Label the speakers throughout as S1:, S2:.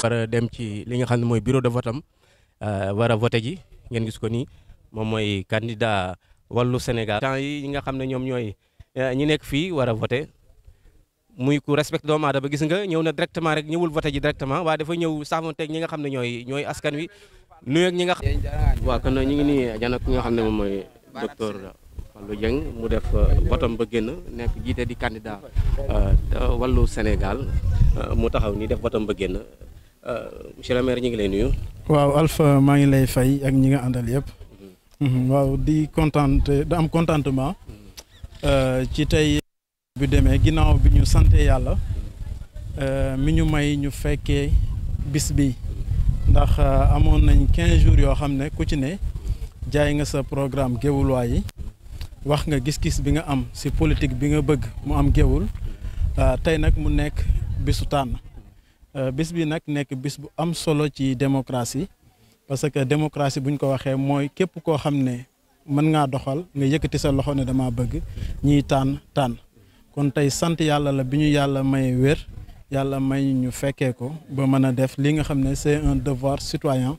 S1: war a dem ci li nga xam ne mooy bureau de vote am euh, war a vote ji ngeen gis ko nii moom mooy candidat wàllu Sénégal. temps yi ñi nga xam ne ñoom ñooy euh, ñi nekk fii wara a vote muy ku respecté doomu aadama gis nga ñëw na directement rek ñëwul vote ji directement waa dafa ñëw saafonteeg ñi nga xam ne ñooy ñooy askan wi nuyu ak ñi nga. waaw ñu ngi nii jànn xam ne moom mooy docteur. Fallou Dieng mu def euh, votam ba génn nekk jiite di candidat euh, euh, wallu Sénégal mu taxaw nii def votam ba génn monsieur le maire ñu ngi
S2: lay nuyu. waaw Alpha maa ngi lay fay ak ñi nga àndal yëpp. Mm-hmm. Mm-hmm. waaw di content da am contentement. Mm-hmm. ci tey bu demee ginnaaw bi ñu sante yàlla. mi ñu may ñu fekkee bis bi ndax amoon nañ quinze jours yoo xam ne ku ci ne jaay nga sa programme géwulwaay yi wax nga gis-gis bi nga am si politique bi nga bëgg mu am géewul euh, tey nag mu nekk bisu tànn euh, bis bi nag nekk bis bu am solo ci démocratie parce que démocratie buñ ko waxee mooy képp koo xam ne mën ngaa doxal nga yëkkati sa loxo ne dama bëgg ñiy tànn tànn kon tey sant yàlla la bi ñu yàlla may wér yàlla may ñu fekkee ko ba mën a def li nga xam ne c'est un devoir citoyen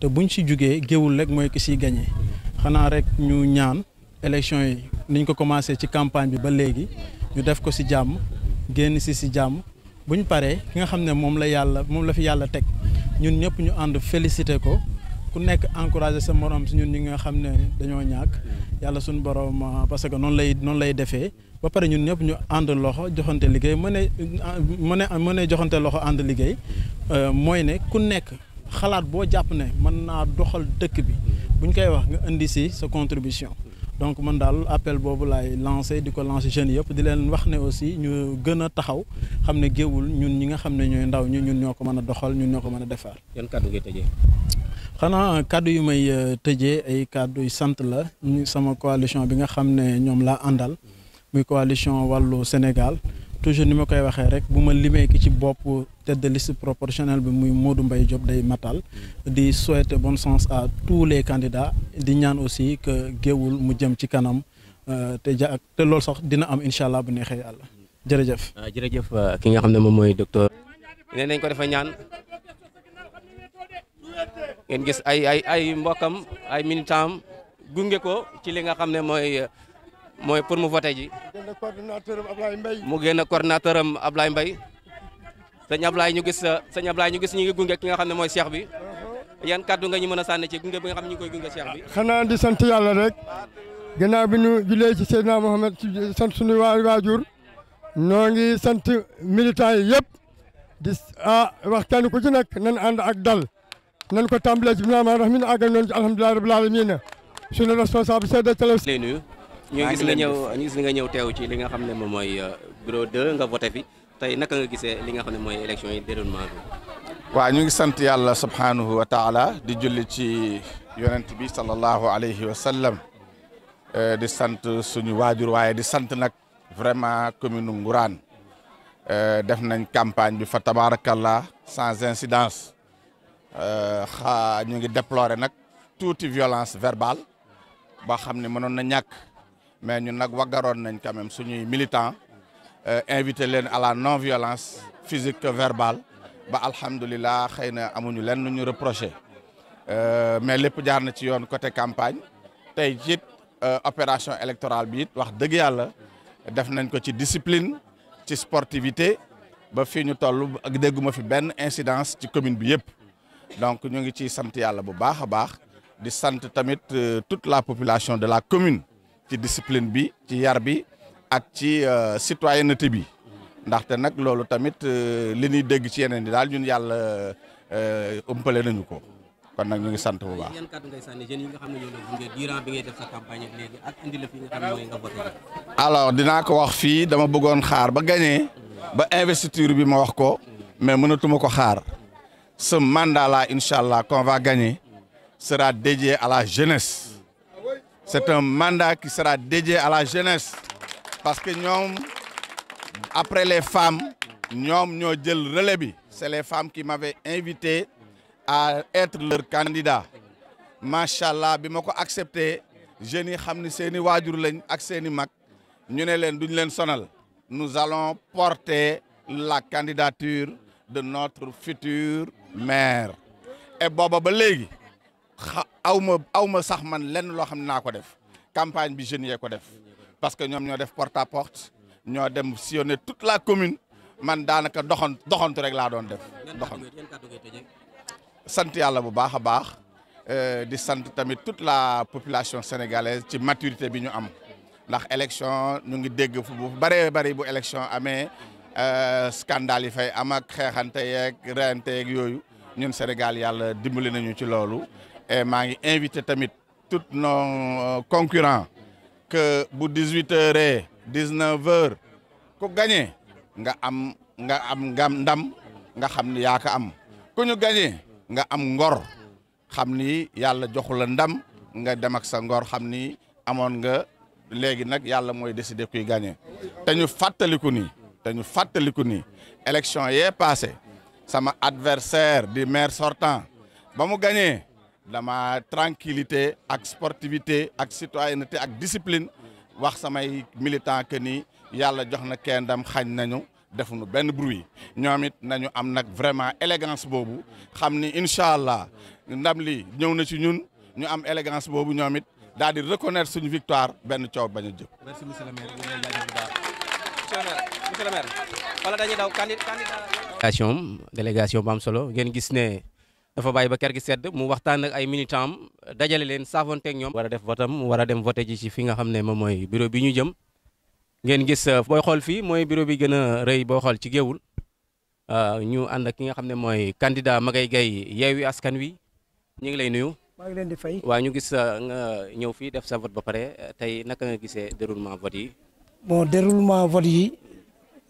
S2: te bu buñ si jógee géwul rek mooy ki si gagné xanaa rek ñu ñaan élection yi niñ ko commencé ci campagne bi ba léegi ñu def ko si jàmm génn si si jàmm bu ñu paree ki nga xam ne moom la yàlla moom la fi yàlla teg ñun ñëpp ñu ànd félicité ko ku nekk encouragé sa morom si ñun ñi nga xam ne dañoo ñàkk yàlla suñu borom ah, parce que noonu lay noonu lay defee ba pare ñun ñëpp ñu ànd loxo joxante liggéey mën a ah, mën a mën a joxante loxo ànd liggéey euh, mooy nekk. xalaat boo jàpp ne mën naa doxal dëkk bi bu ñu koy wax nga indi si sa contribution donc man daal appel boobu laay lancé di ko lancé jeunes yëpp di leen wax ne aussi ñu gën a taxaw xam ne géewul ñun ñi nga xam ne ñooy ndaw ñi ñun ñoo ko mën a doxal ñun ñoo ko mën a defar.
S1: yan kàddu ngay tëjee.
S2: xanaa kàddu yu may euh, tëjee ay kàddu yu sant la ñu sama coalition bi nga xam ne ñoom laa àndal muy coalition wàllu Sénégal. toujours ni ma koy waxe rek buma limé ki ci bop tête de liste proportionnelle bi muy Modou Mbaye job day matal di souhaiter bon sens à tous les candidats di ñaan aussi que géewul mu jëm ci kanam euh, té ja ak té loolu sax dina am inshallah bu nexé yalla jere ah, jeuf jere jeuf
S1: ki nga xamné mom moy docteur. nee nañ ko defa ñaan ngeen gis ay ay ay mbokam ay minitam gungé ko ci li nga xamné moy mooy pour mu voté ji. mu génn coordinateur am mbay Mbaye. sëñ Ablaye ñu gis sëñ Ablaye ñu gis ñu ngi gunge ki nga xam ne mooy cheikh bi. yan kàddu nga ñu mën a sànni ci gunge bi nga xam ne ñu ngi koy gunge bi.
S2: xanaa di sant yàlla rek. gannaaw bi ñu jullee ci Seydina Mohamed sant suñu waa waajur. noo ngi sant militants yi yëpp. di ah kenn ku ci nekk nan ànd ak dal. nan ko tàmbalee ci bismillaahi rahmaani rahiim àggal noonu ci alhamdulillaahi rabbil aalamiin suñu responsable Seydou Thiel. ñu gis nga ñëw
S1: ñu gis nga ñëw teew ci li nga xam ne moom mooy euh, bureau 2 nga voté fi tey naka nga gisee li nga xam ne mooy élection yi déroulement bi
S3: waaw ñu ngi sant yàlla subhanahu wa taala di julli ci yonent bi sallallahu alayhi wa sallam euh, di sant suñu waajur waaye di sant nag vraiment commune Ngourane euh, def nañ campagne bi fa tabarakallah sans incidence xaa ñu ngi déplorer nag tuuti violence verbale boo xam ne na ñàkk mais ñun nag waggaroon quand même suñuy militants euh, invité leen à la non violence physique que verbale ba alhamdulillah xëy na amuñu leen nu euh, mais les jaar na ci yoon côté campagne tey euh, opération électorale bi it wax dëgg yàlla def nañ ko ci discipline ci sportivité ba fii ñu toll ak dégguma fi incidence ci commune bi yëpp donc ñu ngi ciy sant santé bu la a baax di sant tamit euh, toute la population de la commune ci discipline bi ci yar bi ak ci euh, citoyenneté bi ndaxte nak lolu tamit euh, li ñuy dégg ci yenen yi dal ñun yalla euh ëmpale nañu ko kon nak ñu ngi sant bu baax.
S1: yan kat ngay sanni jeunes yi nga xam ne ñoo la gunge durant bi ngay def sa campagne ak ak andi la fi nga xam moy nga voté.
S3: alors dina ko wax fi dama bëggoon xaar ba gagné ba investiture bi ma wax ko mais mënatuma ko xaar ce mandat là inshallah qu'on va gagner sera dédié à la jeunesse. C'est un mandat qui sera dédié à la jeunesse. Parce que nous, après les femmes, nous avons le relais. C'est les femmes qui m'avaient invité à être leur candidat. Machallah, je l'ai accepté. Je ne sais pas Nous allons porter la candidature de notre future maire. Et Boba xa aw ma aw ma sax man lenn loo xam ne ko def campagne bi jeunes yee ko def parce que ñoom ñoo def porte à porte ñoo dem sillonner toute la commune man daanaka doxant doxantu rek la doon def. doxantu sant yàlla bu baax a baax euh, di sant tamit toute la population sénégalaise ci maturité bi ñu am ndax élection ñu ngi dégg fu bu bëree bëri bu élection amee euh, scandale yi fay am ak xeexante yeeg reyante yeeg yooyu ñun Sénégal yàlla dimbali nañu ci loolu et maa ngi invité tamit tous nos euh, concurrents que bu 18 h heures dix neuf heures ku gagné nga am nga am ngam ndam nga xamni ni yaa am ku ñu gagné nga am ngor xamni yalla yàlla joxu la ndam nga dem ak sa ngor xamni ni nga légui nak yalla moy décider kuy gagné te ñu fàttaliku ni te ñu fàttaliku ni élection yé passé sama adversaire di maire sortant ba mu gagner ma tranquillité avec sportivité avec citoyenneté avec discipline wax samay militant que bruit vraiment élégance Bobu. Nous ndam nous, nous na élégance Bobu. victoire merci le
S1: maire le maire délégation dafa bàyyi ba kër gi sedd mu waxtaan ak ay militants am dajale leen saafonteeg ñoom. war a def votam war a dem voté ji fi nga xam ne moom mooy bureau bi ñu jëm ngeen gis euh, booy xool fii mooy bureau bi gën a rëy boo xool ci géewul euh, ñu ànd ak ki nga xam ne mooy candidat Magaye Gaye Yewwi Askan Wi ñu ngi lay nuyu. maa ngi leen di fay waaw ñu gis euh, nga ñëw fii def sa vote ba pare tey naka nga gisee déroulement vote yi.
S2: bon déroulement vote yi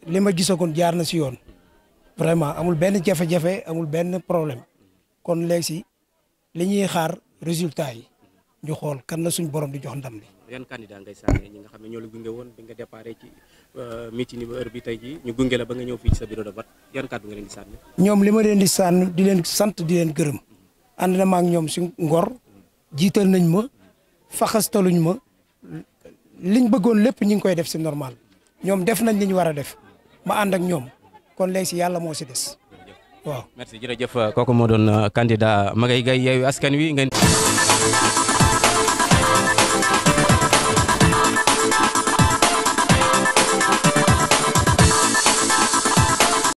S2: li ma gisagoon jaar na si yoon. vraiment amul benn jafe-jafe amul benn problème kon leg ci li ñuy xaar
S3: résultat yi ñu xool kan la suñu borom di jox ndam li.
S1: yan candidat ngay sañ ñi nga xamne ñoo la gungé won bi nga déparé ci euh, meeting bi heure bi tay ji ñu gungé la ba nga ñew fi ci sa bureau de vote yan kàddu nga leen di sañ
S2: ñom lima leen di sañ di leen sante di leen gërëm and na ma ak ñom si ngor jital nañ ma faxastaluñ ma liñ bëggoon lepp ñi ngi koy def ci normal ñom def nañ liñ wara def ma and ak ñom kon léegi ci yalla mo ci dess waaw
S1: merci jërëjëf kooku moo doon euh, candidat Magaye Gaye Yewwi Askan Wi ngeen